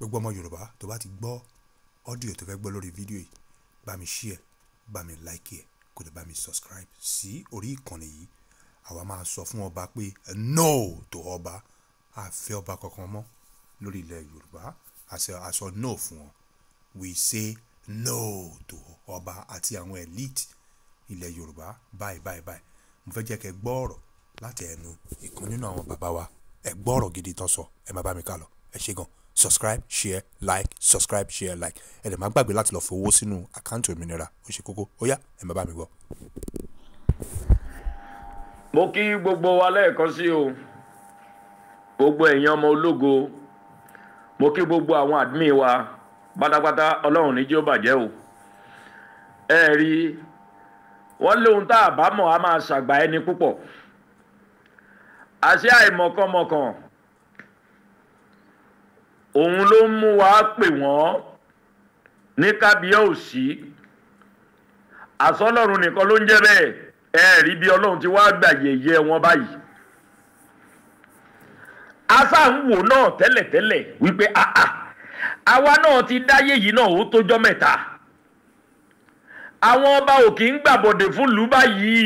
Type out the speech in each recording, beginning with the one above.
gbogbo ọmọ yorùbá tó bá ti gbọ́ ọ́díò tó fẹ́ gbọ́ lórí fídíò yìí bá mi share bá mi like ẹ̀ kó lè bá mi subscribe sí orí ìkànnì yìí àwa máa sọ fún ọba pé no tó ọba àfẹ́ ọba kankan mọ́ lórí ilẹ̀ yorùbá àṣọ no fún ọ we say no tó ọba àti àwọn elite ilẹ̀ yorùbá báyìí báyìí báyìí mo fẹ́ jẹ́ kẹ́ gbọ́ ọ̀rọ̀ láti ẹnu ìkan nínú àwọn bàbá wa ẹ gbọ́ ọ̀rọ̀ gidi tó sọ ẹ má bá mi kà lọ ẹ ṣé gan subscribe share like subscribe share like ẹ dẹ̀ má gbàgbé láti lọ fowó sínú àkáǹtì òmìnira ó ṣe kókó ó yá ẹ má bá mi gbọ́. mo kí gbogbo wa lẹ́ẹ̀kan sí o gbogbo ẹ̀yin ọmọ ológo mo kí gbogbo àwọn admin wa pátápátá ọlọ́run ní jí bàjẹ́ o ẹ rí wọ́n lóhun tá a bá mọ̀ a máa ṣàgbà ẹni púpọ̀ àṣé àìmọ̀kànmọ̀kàn òun ló mú wa pè wọ́n ní kábíyá òsì àsọlọ́run nìkan ló ń jẹ́ bẹ́ẹ̀ ẹ rí bí ọlọ́run ti wá gbà yẹyẹ wọn báyìí asáhùnwò náà tẹ́lẹ̀tẹ́lẹ̀ wípé àà àwa náà ti dáyé yìí náà ó tójọ́ mẹ́ta àwọn ọba òkè ń gbàbọ̀dẹ̀ fún lù báyìí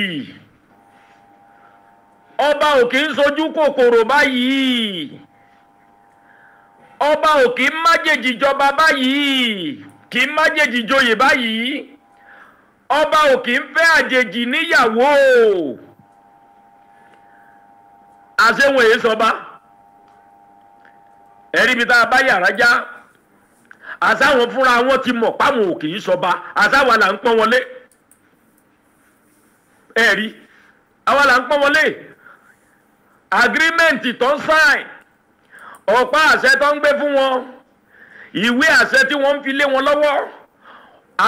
ọba òkè ń sojú kòkòrò báyìí ọba ò kì í májèjì jọba báyìí kì í májèjì joyè báyìí ọba ò kì í fẹ́ àjèjì níyàwó àṣewọ̀n èyí sọba ẹ̀rí mi tá a bá yàrá já fúnra wọn ti mọ̀ páwọn ò kì í sọba àṣàwọn là ń pọ́n wọlé ẹ̀rí àwa là ń pọ́n wọlé agreement tó ń sign ọ̀pá àṣẹ tó ń gbé fún wọn ìwé àṣẹ tí wọ́n ń fi lé wọn lọ́wọ́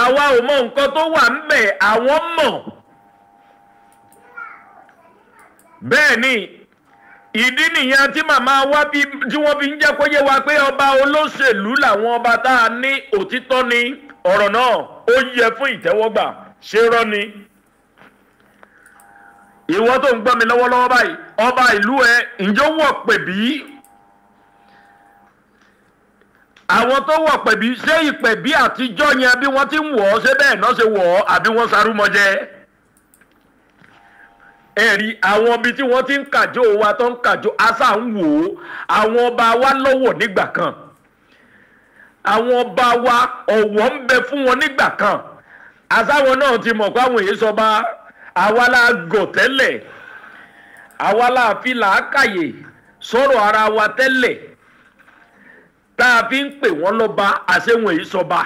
àwa ò mọ nǹkan tó wà ńbẹ̀ àwọn mọ̀ bẹ́ẹ̀ ni ìdí nìyẹn tí màmá wa bí tí wọ́n fi ń jẹ́ kó yé wa pé ọba olóṣèlú làwọn ọba tá a ní òtítọ́ ni ọ̀rọ̀ náà ó yẹ fún ìtẹ́wọ́gbà ṣe rọ́ ni ìwọ tó ń gbọ́ mi lọ́wọ́lọ́wọ́ báyìí ọba ìlú ẹ ǹjọ́ wọ̀ pè bí? àwọn tó wọ̀ pẹ̀bí ṣé ìpẹ̀bí àtijọ́ yẹn bí wọ́n ti ń wọ̀ ọ́ ṣé bẹ́ẹ̀ náà ṣe wọ̀ ọ́ àbí wọ́n sarúmọjẹ ẹ̀rí àwọn ibi tí wọ́n ti ń kàjó wa tó ń kàjó àṣà ń wò ó àwọn ọba wa lọ́wọ́ nígbà kan àwọn ọba wa ọ̀wọ̀ ń bẹ fún wọn nígbà kan àṣàwọn náà ti mọ̀ pé àwọn èyí sọba àwa la gọ̀ tẹ́lẹ̀ àwa la fi làákàyè sọ̀rọ̀ ara wa tẹ́lẹ̀ tá a fi ń pè wọ́n lọ́ba àṣewọ̀n èyí sọba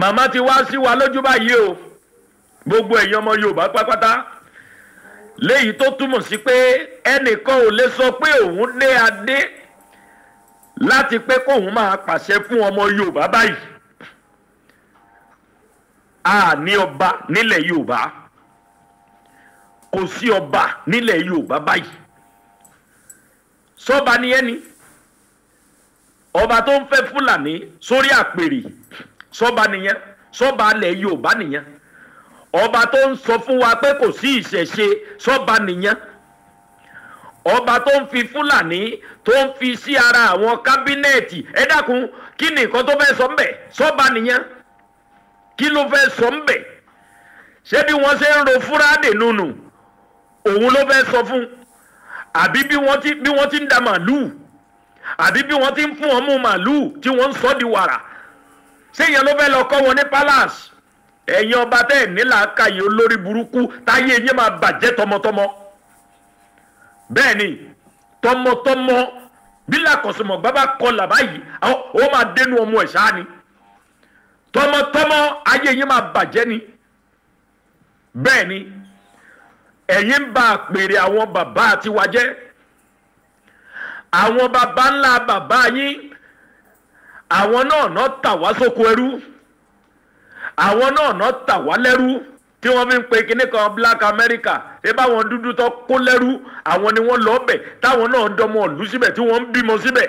màmá ti wá sí wa lójú báyìí o gbogbo ẹ̀yin ọmọ Yorùbá pátápátá léyìí tó túmọ̀ sí pé ẹnìkan ò lè sọ pé òun ní adé láti pé kóun máa pàṣẹ fún ọmọ Yorùbá báyìí a ní ọba nílẹ̀ Yorùbá kò sí ọba nílẹ̀ Yorùbá báyìí sọ́ba ni ẹni ọba tó ń fẹ́ fúlàní sórí àpèrè sọba nìyẹn sọba alẹ̀ yorùbá nìyẹn ọba tó ń sọ fún wa pé kò sí ìṣẹ̀ṣe sọba nìyẹn ọba tó ń fi fúlàní tó ń fi sí ara àwọn kábínẹ̀tì ẹ dákun kí ni nǹkan tó fẹ́ sọ ń bẹ̀ sọba nìyẹn kí ló fẹ́ sọ ń bẹ̀ ṣé bí wọ́n ṣe ń ro fúrádé nùnù òun ló fẹ́ sọ fún àbí bí wọ́n ti ń da màlúù àbí bí wọ́n ti ń fún ọmú màlúù tí wọ́n ń sọ di wàrà séèyàn ló fẹ́ lọ kọ́ wọn ní palace ẹ̀yin ọba tẹ́ ẹ̀ nílà káyé olórí burúkú táyé yín máa bàjẹ́ tọmọtọmọ bẹ́ẹ̀ ni tọmọtọmọ bílà kọ̀sùmọ̀ bàbá kọlà báyìí ó máa dénú ọmọ ẹ̀ ṣáá ni tọmọtọmọ ayé yín máa bàjẹ́ ni bẹ́ẹ̀ ni ẹ̀yin ń ba àpèrè àwọn bàbá àtiwájẹ́ àwọn baba ńlá bàbá yín àwọn náà náà tà wá sóko ẹrú àwọn náà náà tà wá lẹ́rú tí wọ́n fi ń pe kinní kan black america ẹ báwọn dúdú tó kó lẹ́rú àwọn ni wọ́n lọ bẹ̀ táwọn náà ń dọmọ ìlú síbẹ̀ tí wọ́n ń bímọ síbẹ̀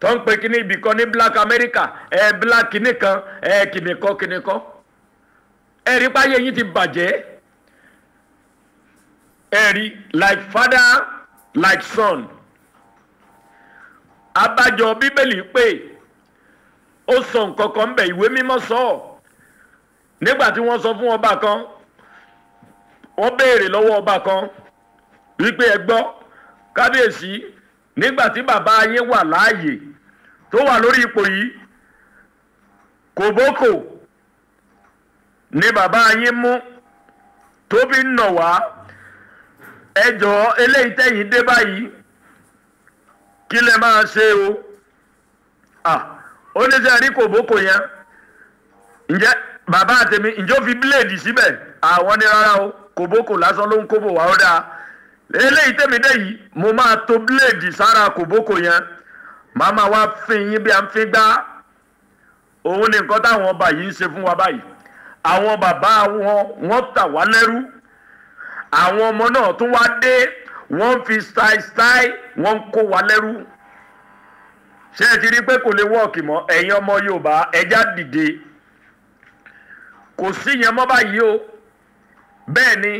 tó ń pe kinní ibì kan ní black america ẹ eh, black kinní kan ẹ eh, kinní kan kinní kan ẹ rí páyé yín ti bàjẹ́ ẹ rí like father like sun abájọ bíbélì pé ó sọ nǹkan kan ń bẹ ìwé mímọ́ sọ ọ́ nígbà tí wọ́n sọ fún ọba kan wọ́n béèrè lọ́wọ́ ọba kan wípé ẹ gbọ́ kábíyèsí nígbà tí bàbá yín wà láàyè tó wà lórí ipò yìí kòbókò ni bàbá yín mú tó ń nà wá ẹ jọ̀ọ́ eléyìí tẹ̀yìn dé báyìí kí lẹ máa ṣe o ó ní sẹ́yìn rí kòbókò yẹn ǹjẹ́ bàbá àtẹ̀mí ǹjẹ́ ó fi bíléèdì síbẹ̀ àwọn ní rárá o kòbókò lásán ló ń kóbò wá ó dáa eléyìí tẹ̀mí dé yìí mo máa to bíléèdì sára kòbókò yẹn màá máa wá fi yín bí a ń fi gbá òun ni nǹkan táwọn ọba yìí ń ṣe fún wa báyìí àwọn bàbá wọn wọ́n tà wá lẹ́rú àwọn ọmọ náà tún wá dé wọ́n fi ṣáìṣáì wọ́n ń kó wa lẹ́rú ṣé ẹ ti rí i pé kò lè wọ́ọ̀kì mọ́ ẹ̀yin ọmọ Yorùbá ẹja dìde kò sí yẹn mọ́ báyìí o bẹ́ẹ̀ ni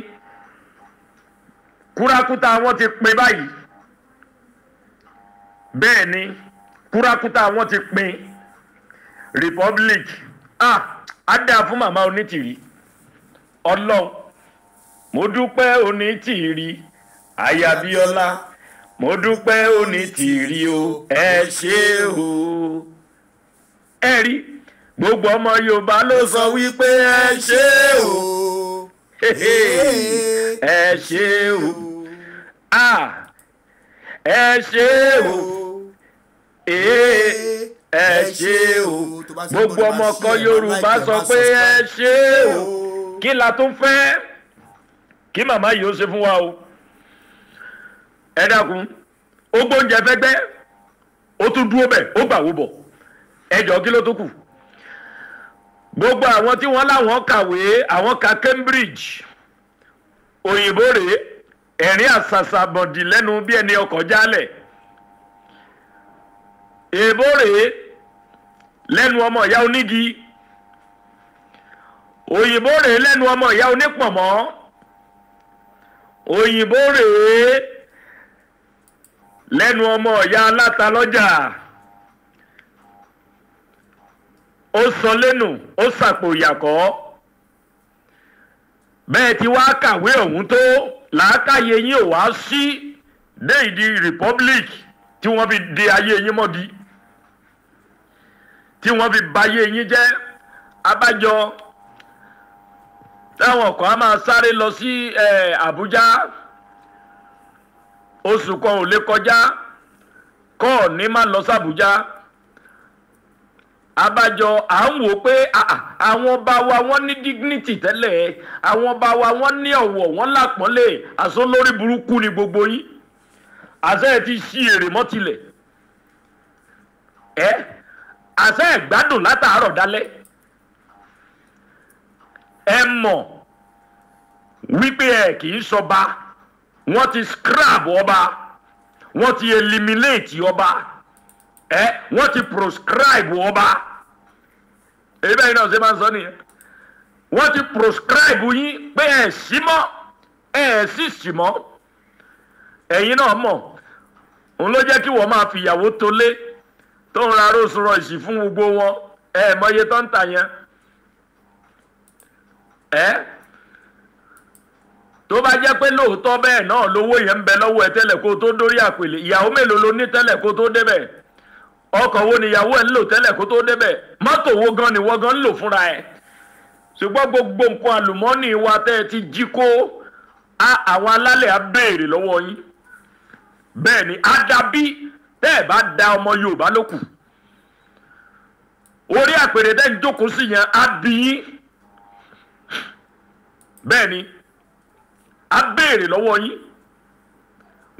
kúrakúta wọn ti pin báyìí bẹ́ẹ̀ ni kúrakúta wọn ti pin republic ah á dáa fún màmá onítìrí ọlọ́run mo dúpẹ́ onítìrí ayabiola mo dúpẹ́ onítìrí o ẹ ṣé o ẹ rí gbogbo ọmọ yorùbá ló sọ wípé ẹ ṣé o ẹ ṣé o ah, ẹ ṣé o eh, ẹ ṣé o gbogbo ọmọ kan yorùbá sọ pé ẹ ṣé o kí la tún fẹ́ kí màmá yìí ó ṣe fún wa o ẹ dákun ó gbóúnjẹ fẹgbẹ ó tún dúró bẹ ó gbàwó bọ ẹ jọ kí ló tó kù gbogbo àwọn tí wọ́n láwọn kàwé àwọn ka Cambridge òyìnbó rèé ẹ̀rín àsàsàbọ̀dì lẹ́nu bí ẹni ọkọ̀ jálẹ̀ èèbó rèé lẹ́nu ọmọ ìyá onígi òyìnbó rèé lẹ́nu ọmọ ìyá onípọ̀mọ́ òyìnbó rèé lẹ́nu ọmọ ọ̀yá aláta lọ́jà ó sọ lẹ́nu ó sàpò ìyàkọ́ bẹ́ẹ̀ tí wàá kàwé ọ̀hún tó làákàyè yín ò wá sí dé republic tí wọ́n fi de ayé yín mọ́di tí wọ́n fi bayé yín jẹ́ abájọ táwọn kan á máa sáré lọ sí Àbújá oṣù kan ò lè kọjá kọ́ ọ̀ má lọ sàbújá abájọ à ń wò pé àwọn ọba wa wọ́n ní dignity tẹ́lẹ̀ àwọn ọba wa wọ́n ní ọ̀wọ̀ wọ́n lápọ́nlé àṣọ lórí burúkú ni gbogbo yín àṣẹ ẹ̀ ti ṣí èrè mọ́tilẹ̀ ẹ́ àṣẹ ẹ̀ gbádùn látàárọ̀ dálẹ́ ẹ mọ̀ wípé ẹ kì í sọba wọ́n ti scrap ọba wọ́n ti eliminate ọba ẹ wọ́n ti proscribe ọba èyí bẹ́ẹ̀ náà ṣe máa ń sọ nìyẹn wọ́n ti proscribe yín pé ẹ sí mọ́ ẹ sì sì mọ́ ẹ̀yin náà mọ̀ òun ló jẹ́ kí wọ́n máa fìyàwó tolé tó ń ra Rolls Royce fún gbogbo wọn ẹ mọ̀ iye tó ń tà yẹn. ẹ́ tó bá jẹ́ pé lóòótọ́ bẹ́ẹ̀ náà lówó yẹn ń bẹ lọ́wọ́ ẹ tẹ́lẹ̀ kó tó dórí àpèlè ìyàwó mélòó ló ní tẹ́lẹ̀ kó tó débẹ̀ ọkọ̀ wo ni ìyàwó ẹ̀ ń lò tẹ́lẹ̀ kó tó débẹ̀ mọ́tò wo gan ni wọ́n gan ń lò fúnra ẹ̀ ṣùgbọ́n gbogbo nǹkan àlùmọ́ọ́nì wa tẹ́ ẹ ti jí kó àwọn alálẹ̀ á béèrè lọ́wọ́ yín bẹ́ẹ̀ ni adabi tẹ́ ẹ bá da ọmọ Yorùbá lókù orí àpèrè tẹ́ ń jókòó sí yẹn á bí yín bẹ́ẹ̀ ni a béèrè lọ́wọ́ yín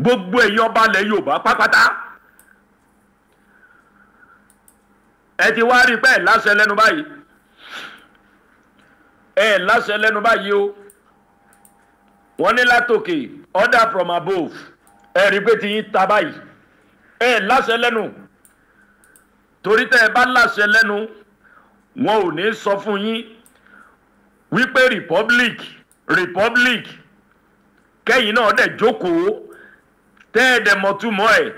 gbogbo ẹ̀yin ọba ilẹ̀ Yorùbá pátápátá ẹ ti wá rí i pé ẹ̀ láṣẹ lẹ́nu báyìí ẹ̀ láṣẹ lẹ́nu báyìí o wọ́n ní látòkè order from above ẹ̀ rí i pé ti yín ta báyìí ẹ̀ láṣẹ lẹ́nu torí tẹ́ ẹ bá láṣẹ lẹ́nu wọn ò ní sọ fún yín wípé republic republic kẹ́yìn náà dẹ̀ jókòó tẹ́ ẹ dẹ̀ mọ̀túmọ̀ ẹ̀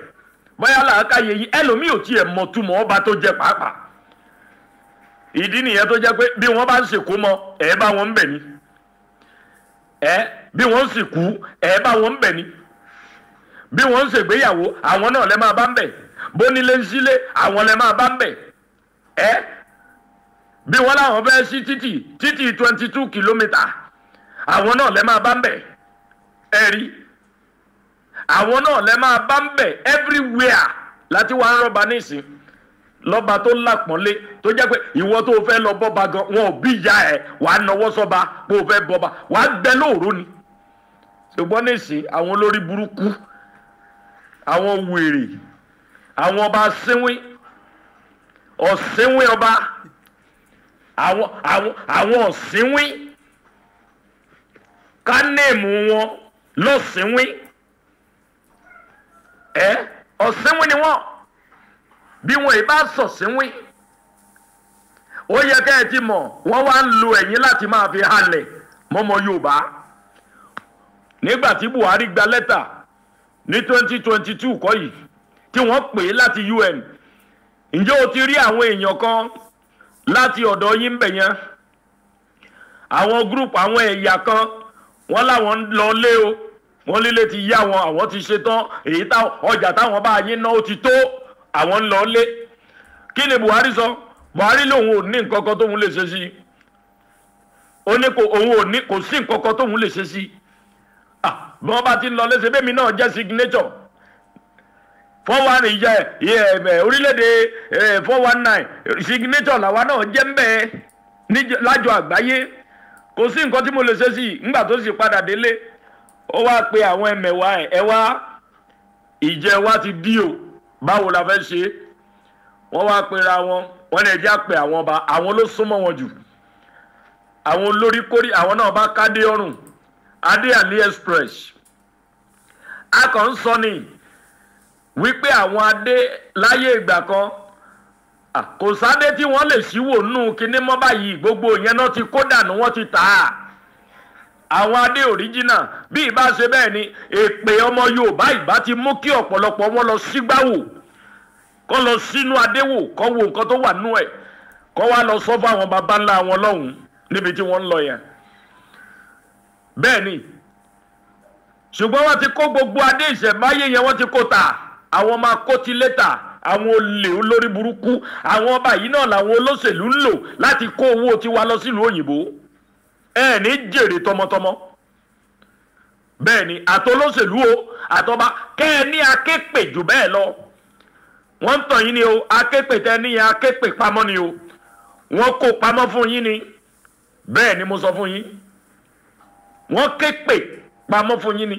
bóyá làákàyè yìí ẹlòmíì ò tiẹ̀ mọ̀túmọ̀ ọba tó jẹ pàápàá ìdí nìyẹn tó jẹ́ pé bí wọ́n bá ń sìnkú mọ́ ẹ̀ bá wọn ń bẹ̀ ni ẹ̀ bí wọ́n ń sìnkú ẹ̀ bá wọn ń bẹ̀ ni bí wọ́n ń ṣègbéyàwó àwọn náà lẹ́ máa bá ń bẹ̀ bónílé ń sílé àwọn lẹ́ máa bá ń bẹ̀ ẹ̀ bí wọ́n láwọn fẹ́ sí títì títì twenty two kìlómítà àwọn náà lẹ́ máa bá ń bẹ̀ ẹ rí àwọn náà lẹ́ máa bá ń bẹ̀ everywhere láti wá ń rọ́ba nísìn lọ́ba tó lápọ́nlé tó jẹ́ pé ìwọ tó fẹ́ lọ bọ́ba gan wọn ò bí ìyá ẹ̀ wà á nọwọ́ sọ́ba pé o fẹ́ bọ́ba wà á gbẹ lóòró ni ṣùgbọ́n nísìn àwọn olórí burúkú àwọn wèrè àwọn ọba sínwín ọ̀sínwín ọba àwọn àwọn ọ̀sìnwín ká wọn lọ́sìnwín ẹ ọ̀sìnwín ni wọ́n bí wọn ì bá sọ̀sìnwín ó yẹ ká ẹ ti mọ̀ wọ́n wá ń lo ẹ̀yìn láti máa fi halẹ̀ mọ́mọ Yorùbá nígbà tí Buhari gba lẹ́tà ní twenty two kọ́ yìí tí wọ́n pè é láti UN ǹjẹ́ o ti rí àwọn èèyàn kan láti ọ̀dọ̀ yín bẹ̀ yẹn àwọn gúrùpù àwọn ẹ̀yà kan wọ́n láwọn ń lọ lé o wọ́n líle ti yá wọn àwọn ti ṣetán èyí táwọn ọjà táwọn bá yín ná ó ti tó àwọn ń lọ lé kí ni Buhari sọ Buhari lòun ò ní nǹkan kan tóun lè ṣe sí i ó ní kò òun ò ní kò sí nǹkan kan tóun lè ṣe sí i ah, bí wọ́n bá ti lọ lé ṣe bẹ́ẹ̀ mi náà jẹ́ signature four one ìjẹ orílẹ̀-èdè eh, four one nine signature làwa náà jẹ́ ń bẹ́ẹ̀ lájọ àgbáyé kò sí nǹkan tí mo lè ṣe sí i ńgbà tó sì padà délé ó wáá pe àwọn ẹmẹ̀wà ẹ wá ìjẹ wa ti dí o báwo la fẹ́ ṣe wọ́n wáá pera wọn wọ́n lè jẹ́ àpè àwọn ọba àwọn ló súnmọ́ wọn jù àwọn olórí kórì àwọn náà bá kádé ọrùn adé express a kàn ń sọ ni wípé àwọn adé láyé ìgbà kan kò sáde tí wọ́n lè ṣíwò nù kíní mọ́ báyìí gbogbo yẹn náà ti kó dànù wọ́n ti tà á àwọn adé òríjìnà bí ìbá ṣe bẹ́ẹ̀ ni èpè ọmọ Yorùbá ìbá ti mú kí ọ̀pọ̀lọpọ̀ wọn lọ sígbáwò kọ́ lọ sínú adéwò kọ́ wo nǹkan tó wà nú ẹ̀ kọ́ wá lọ sọ fáwọn baba ńlá wọn lọ́hùn níbi tí wọ́n ń lọ yẹn bẹ́ẹ̀ ni ṣùgbọ́n wọ́n ti kó gbogbo adé ìṣẹ̀máyé yẹn wọ́n ti kó tà á àwọn ọmọ akótilétà àwọn olè olórí burúkú àwọn ọba yìí náà làwọn olóṣèlú ń lò láti kó owó tiwa lọ sílùú òyìnbó ẹ ní jèrè tọmọtọmọ bẹ́ẹ̀ ni àtolóṣèlú o àtọba kẹ́ ẹ ní aképè jù bẹ́ẹ̀ lọ wọ́n ń tàn yín ni o aképè tẹ́ ní yẹn aképè pamọ́ ni o wọ́n kó pamọ́ fún yín ni bẹ́ẹ̀ ni mo sọ fún yín wọ́n képè pamọ́ fún yín ni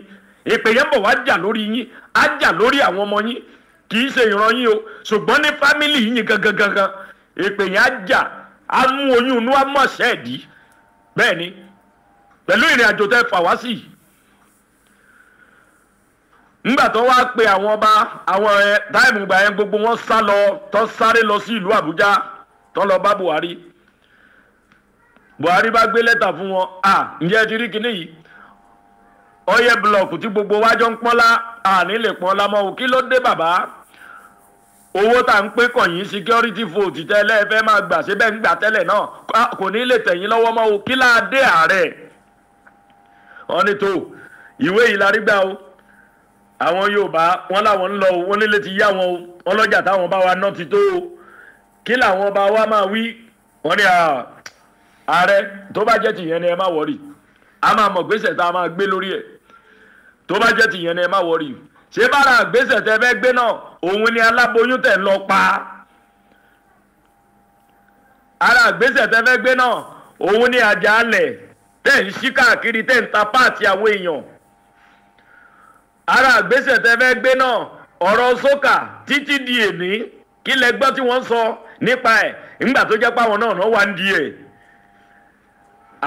ìpè yẹn bọ̀ wá jà lórí yín á jà lórí àwọn ọmọ yín kì í ṣe ìran yín o ṣùgbọ́n ní fámìlì yín gangan gangan ìpè yẹn á jà á mú oyún inú á mọ̀ ṣẹ́ẹ̀dì bẹ́ẹ̀ ni pẹ̀lú ìrìn àjò tẹ́ fà wá sí yìí nígbà tó wá pe àwọn ọba àwọn ẹ táìmù gbà yẹn gbogbo wọn sá lọ tó sáré lọ sí ìlú Àbújá tó lọ bá Buhari Buhari bá gbé lẹ́tà fún wọn à ǹjẹ́ ẹ ti rí kinní yìí ọyẹ búlọ̀kù tí gbogbo wájọ ń pọ́nlá àní lè pọ́nlá mọ́ o kí ló dé bàbá owó tá à ń pé kọ̀yìn security vote tẹ́lẹ̀ fẹ́ máa gbà síbẹ̀ ń gbà tẹ́lẹ̀ náà kò ní lè tẹ̀yìn lọ́wọ́ mọ́ o kí láà dé ààrẹ wọn ni tó ìwé yìí la rí gbà o àwọn Yorùbá wọn làwọn ń lọ o wọn nílé ti yá wọn o wọn lọ́jà táwọn bá wa ná ti tó o kí làwọn bá wa máa wí wọn ni ààrẹ tó bá jẹ́ tìyẹn ni ẹ má wọ̀rì a máa mọ̀ gbèsè tá a máa gbé lórí ẹ̀ tó bá jẹ́ tìyẹn ni ẹ má wọrí ṣé bára àgbésẹ̀ tẹ fẹ́ gbé náà òun ni aláboyún tẹ̀ ń lọ pa ara àgbésẹ̀ tẹ fẹ́ gbé náà òun ni àjàalẹ̀ tẹ̀ ń ṣí káàkiri tẹ̀ ń ta páàtì àwọn èèyàn ara àgbésẹ̀ tẹ fẹ́ gbé náà ọ̀rọ̀ sókà títí di èmi kí lẹ gbọ́ tí wọ́n sọ nípa ẹ̀ nígbà tó jẹ́ pé náà wà ń di ẹ̀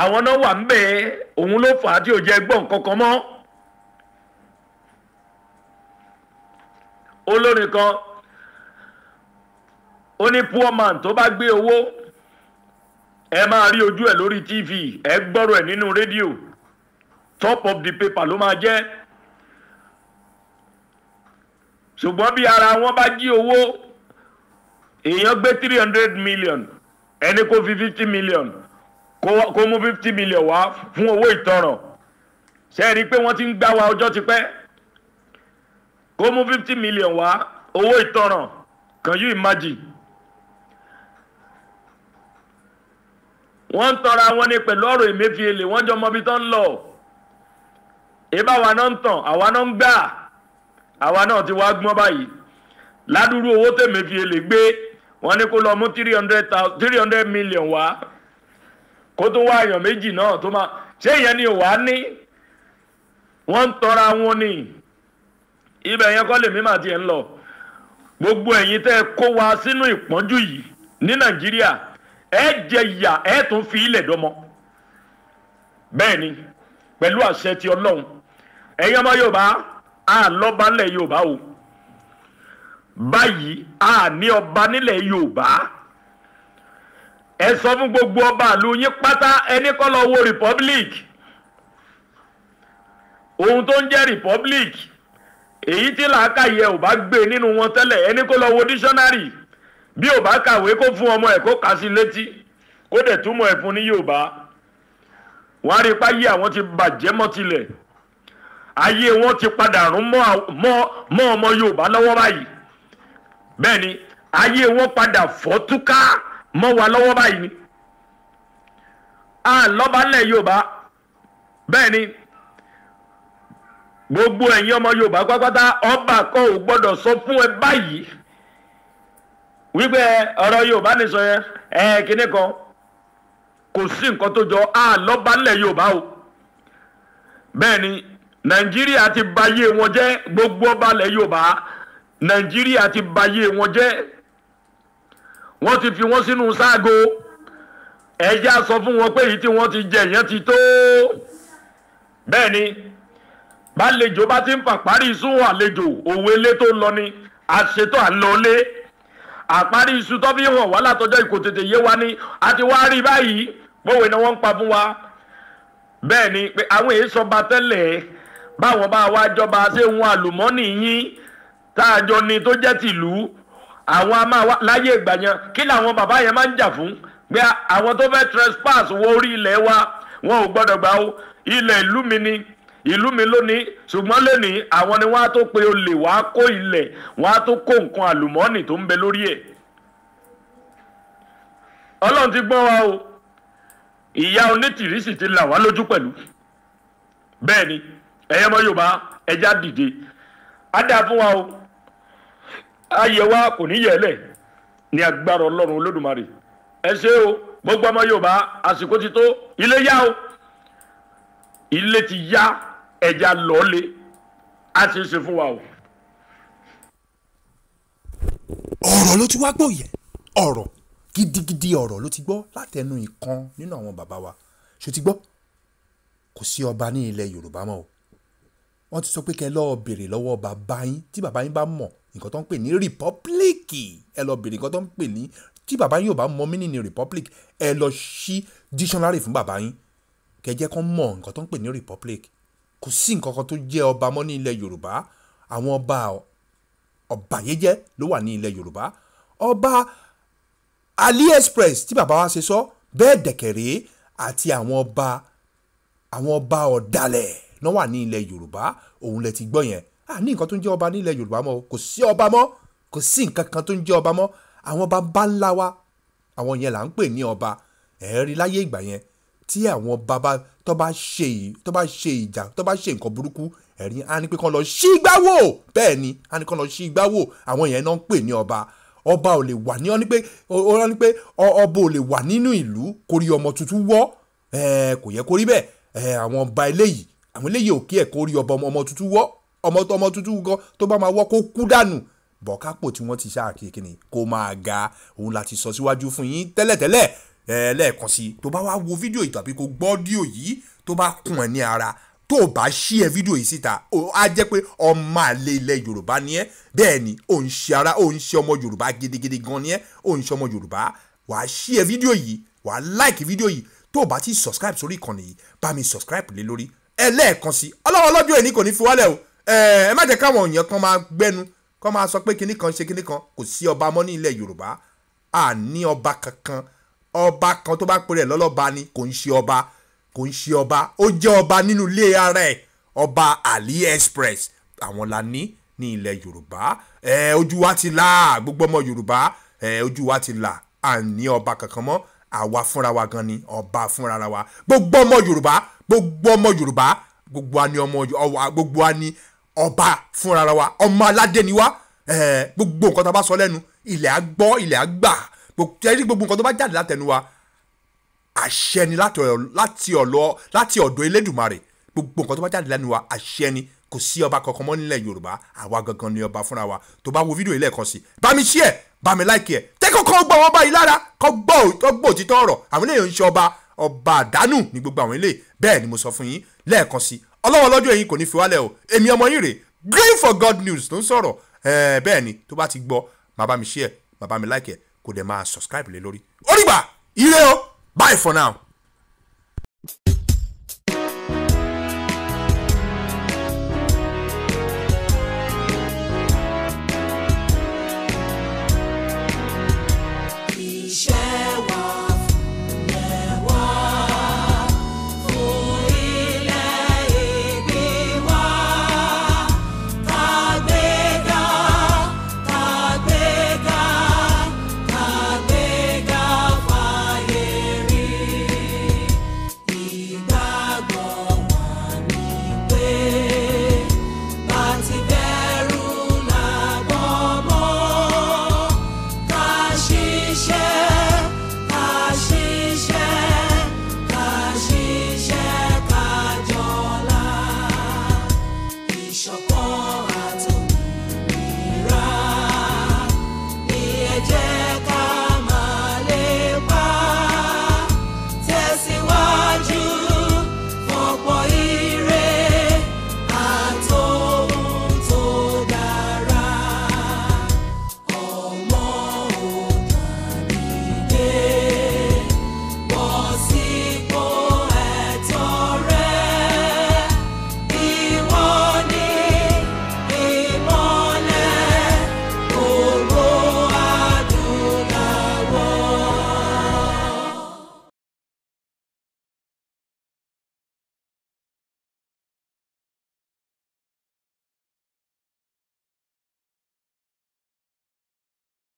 àwọn náà wà ń bẹ̀ ẹ́ òun ló fà á tí ò jẹ́ gbọ́ nǹkan mọ́. olórin kan ó ní poor man tó bá gbé owó ẹ máa rí ojú ẹ lórí tv ẹ gbọ́rọ̀ ẹ nínú rédíò top of the paper ló máa jẹ́ ṣùgbọ́n bí ara wọn bá jí owó èèyàn gbé three hundred million ẹni kó fi fifty million kó mú fifty million wá fún owó ìtanràn ṣe é rí i pé wọ́n ti ń gbá wa ọjọ́ tipẹ́ kó mú fifty million wá owó ìtanràn can you imagine. wọ́n ń tọ́ra wọn ní pẹ̀lú ọ̀rọ̀ Emefiele wọ́n jọ mọbi tán ń lọ ìbá wa náà ń tàn àwa náà ń gbà àwa náà ti wá gbọ́n báyìí ládùúrú owó tẹ̀ Emefiele gbé wọ́n ní kó lọ mú three hundred three hundred million wá kó tó wá èèyàn méjì náà tó máa ṣé ìyẹn ni ò wá ní wọ́n ń tọ́ra wọn ni. ibẹ̀ yẹn kọ́ lè mímọ̀ ẹ̀ ń lọ gbogbo ẹ̀yin tẹ́ ẹ kó wa sínú ìpọ́njú yìí ní nàìjíríà ẹ jẹ ìyà ẹ tún fi ilẹ̀ bẹ́ẹ̀ ni pẹ̀lú àṣẹ ti ọlọ́run ẹ̀yin ọmọ yorùbá a lọ́ba nílẹ̀ yorùbá o báyìí a ní ọba nílẹ̀ yorùbá ẹ sọ fún gbogbo ọba yín pátá ẹni kọ́ ohun tó ń jẹ́ republic èyí tí làákàyè ò bá gbé nínú wọn tẹ́lẹ̀ ẹni kó lọ wo dísọ́nárì bí ò bá kàwé kó fún ọmọ ẹ̀ kó kà sí létí kó dẹ̀ túmọ̀ ẹ̀ fún ní Yorùbá wọ́n á rí ipá yí àwọn ti bàjẹ́ mọ́ tilẹ̀ ayé wọn ti padà rún mọ́ ọmọ Yorùbá lọ́wọ́ báyìí bẹ́ẹ̀ ni ayé wọn padà fọ́ túká mọ́ wa lọ́wọ́ báyìí ni à lọ́balẹ̀ Yorùbá bẹ́ẹ̀ ni gbogbo ẹ̀yin ọmọ yorùbá pátápátá ọba kan ò gbọ́dọ̀ sọ fún ẹ báyìí wípé ọ̀rọ̀ yorùbá nìsọ yẹn ẹ kíní kan kò sí nǹkan tó jọ á lọ́balẹ̀ yorùbá o bẹ́ẹ̀ ni nàìjíríà ti bayé wọn jẹ́ gbogbo ọbalẹ̀ yorùbá nàìjíríà ti bayé wọn jẹ́ wọ́n ti fi wọ́n sínú sáàgó ẹ̀yà sọ fún wọn pé èyí tí wọ́n ti jẹ yẹn ti tó bẹ́ẹ̀ ni bálejò bá ti ń fà parí iṣu àlejò òwe ilé tó ń lọ ni àṣetò à ń lọ lé àparí iṣu tó fi hàn wá látọjọ́ ìkò tètè yé wa ni a ti wá rí báyìí bówe ni wọ́n ń pa fún wa bẹ́ẹ̀ ni pé àwọn èyí sọba tẹ́lẹ̀ báwọn bá wa jọba ṣé wọn àlùmọ́nì yín tá ni tó jẹ́ tìlú àwọn a máa wá láyé ìgbà yẹn kí làwọn bàbá yẹn máa ń jà fún pé àwọn tó fẹ́ trespass wọ orí ilẹ̀ wa wọn ò gbọ́dọ̀ gbà ó ilẹ̀ ìlú mi ni ìlú mi lónìí ṣùgbọ́n lẹ́nìí àwọn ni wọ́n á tó pe olè wọ́n á kó ilẹ̀ wọ́n á tó kó nǹkan àlùmọ́ọ́nì tó ń bẹ lórí ẹ̀ ọlọ́run ti gbọ́n wa o ìyá onítìrí sì ti là wá lójú pẹ̀lú bẹ́ẹ̀ ni ẹ̀yẹ́ mọ́ yorùbá ẹja dìde á dáa fún wa o ayé wa kò ní yẹlẹ̀ ní agbára ọlọ́run olódùmarè ẹ ṣe o gbogbo ọmọ yorùbá àsìkò ti tó ilé yá o ilé ti yá ẹja lọ́ọ́lé á ti ṣe fún wa o. ọ̀rọ̀ ló ti wá gbọ́ yẹ ọ̀rọ̀ gidigidi ọ̀rọ̀ ló ti gbọ́ látẹnu ìkan nínú àwọn bàbá wa ṣó ti gbọ́ kò sí ọba ní ilẹ̀ Yorùbá mọ́ o wọ́n ti sọ pé kẹ́ ẹ lọ́ọ́ béèrè lọ́wọ́ bàbá yín tí bàbá yín bá mọ̀ nǹkan tó ń pè ní rìpọ́blíkì ẹ lọ béèrè nǹkan tó ń pè ní tí bàbá yín ò bá mọ mínì ní republic ẹ lọ ṣí dictionary fún bàbá yín kẹ́ jẹ́ kó mọ̀ nǹkan tó ń pè ní republic kò sí nǹkan kan tó jẹ́ ọba mọ́ ní ilẹ̀ yorùbá àwọn ọba ọ̀bàyéjẹ́ ló wà ní ilẹ̀ yorùbá ọba aliexpress tí bàbá wa ṣe sọ bẹ́ẹ̀ dẹ̀kẹ̀rẹ́ àti àwọn ọba àwọn ọba ọ̀dàlẹ̀ náà wà ní ilẹ̀ yorùbá òun lẹ ti gbọ́ yẹn a ní nǹkan tó ń jẹ́ ọba ní ilẹ̀ yorùbá mọ́ kò sí ọba mọ́ kò sí nǹkan kan tó ń jẹ́ ọba mọ́ àwọn ọba ńlá wa àwọn yẹn là ń pè ní ọba ẹ̀ẹ́rí láyé ìgbà yẹn tí àwọn bàbá tó bá ṣe tó bá ṣe ìjà tó bá ṣe nǹkan burúkú ẹ̀rín á ní pé kán lọ ṣí igbá wò bẹ́ẹ̀ ni á ní kán lọ ṣí igbá wò àwọn yẹn náà ń pè ní ọba ọba ò lè wà ní ọ ní pé ọ ní pé ọba ò lè wà nínú ìlú kórí ọmọ tuntun wọ́ kò yẹ kó rí bẹ́ẹ̀ àwọn ọba eléyìí àwọn eléyìí ò kí ẹ̀ kórí ọba ọmọ tuntun wọ́ ọmọ ọmọ tuntun gan tó bá máa wọ́ kó kú dànù bọ̀kápò tí wọ́n ti ṣáà kékeré kó máa ga òun láti sọ síwájú fún yín tẹ́lẹ̀tẹ́lẹ̀ lẹ́ẹ̀kan sí tó bá wá wo fídíò yìí tàbí kó gbọ́ díò yìí tó bá kùn ẹ̀ ní ara tó o bá ṣí ẹ fídíò yìí síta á jẹ́ pé ọmọ àlè ilẹ̀ yorùbá ni ẹ́ bẹ́ẹ̀ ni ò ń ṣe ara ò ń ṣe ọmọ yorùbá gidigidi gan ni ẹ́ ò ń ṣe ọmọ yorùbá wà á ṣí ẹ fídíò yìí wà á láìkì fídíò yìí tó bá ti subscribe sórí ìkànnì yìí bá mi subscribe lé lórí ẹ lẹ́ẹ̀kan sí ọlọ́wọ́ lọ́jọ́ ẹ̀ ní kò ní o ẹ má jẹ́ káwọn èèyàn kan máa gbẹ́nu kan máa sọ pé kinní kan ṣe kinní kan kò sí ọba ọba kan tó bá pèrè lọ́lọ́ba ni kò ń ṣe ọba kò ń ṣe ọba ó jẹ́ ọba nínú ilé ara ẹ̀ ọba AliExpress àwọn la ní ní ilẹ̀ Yorùbá ẹ eh, ojú wa ti là gbogbo ọmọ Yorùbá ẹ eh, ojú wa ti là à ń ní ọba kankan mọ́ àwa fúnra wa gan ni ọba fúnra wa gbogbo ọmọ Yorùbá gbogbo ọmọ Yorùbá gbogbo wa ni ọmọ ọwa gbogbo wa ni ọba fúnra wa ọmọ aládé ni wa eh, gbogbo nǹkan tá a bá sọ lẹ́nu ilẹ̀ á ilẹ̀ á ẹrí gbogbo nǹkan tó bá jáde látẹnu wa àṣẹ ni láti ọ̀lọ́ láti ọ̀dọ̀ Elédùmarè gbogbo nǹkan tó bá jáde lẹ́nu wa àṣẹ ni kò sí ọba kankan mọ́ nílẹ̀ Yorùbá àwa gangan ni ọba fúnra wa tó bá wo fídíò yìí lẹ́ẹ̀kan sí i bá mi ṣí ẹ̀ bá mi láìkì ẹ̀ tẹ́kọ̀ kan gbọ́ wọn báyìí lára kọ́ gbọ́ òtítọ́ ọ̀rọ̀ àwọn eléyìí ń ṣe ọba ọba àdánù ní gbogbo àwọn eléyìí bẹ́ẹ̀ ni mo sọ fún yín lẹ́ẹ̀kan sí i ọlọ́wọ́ lọ́jọ́ yìí kò ní fi wálẹ̀ o èmi ọmọ yín rè green for God news tó ń sọ̀rọ̀ bẹ́ẹ̀ ni tó bá ti gbọ́ màá bá mi ṣí ẹ̀ màá bá mi láìkì ẹ̀ kó dẹ̀ máa subscribe lé lórí. ó dìgbà ire o bye for now.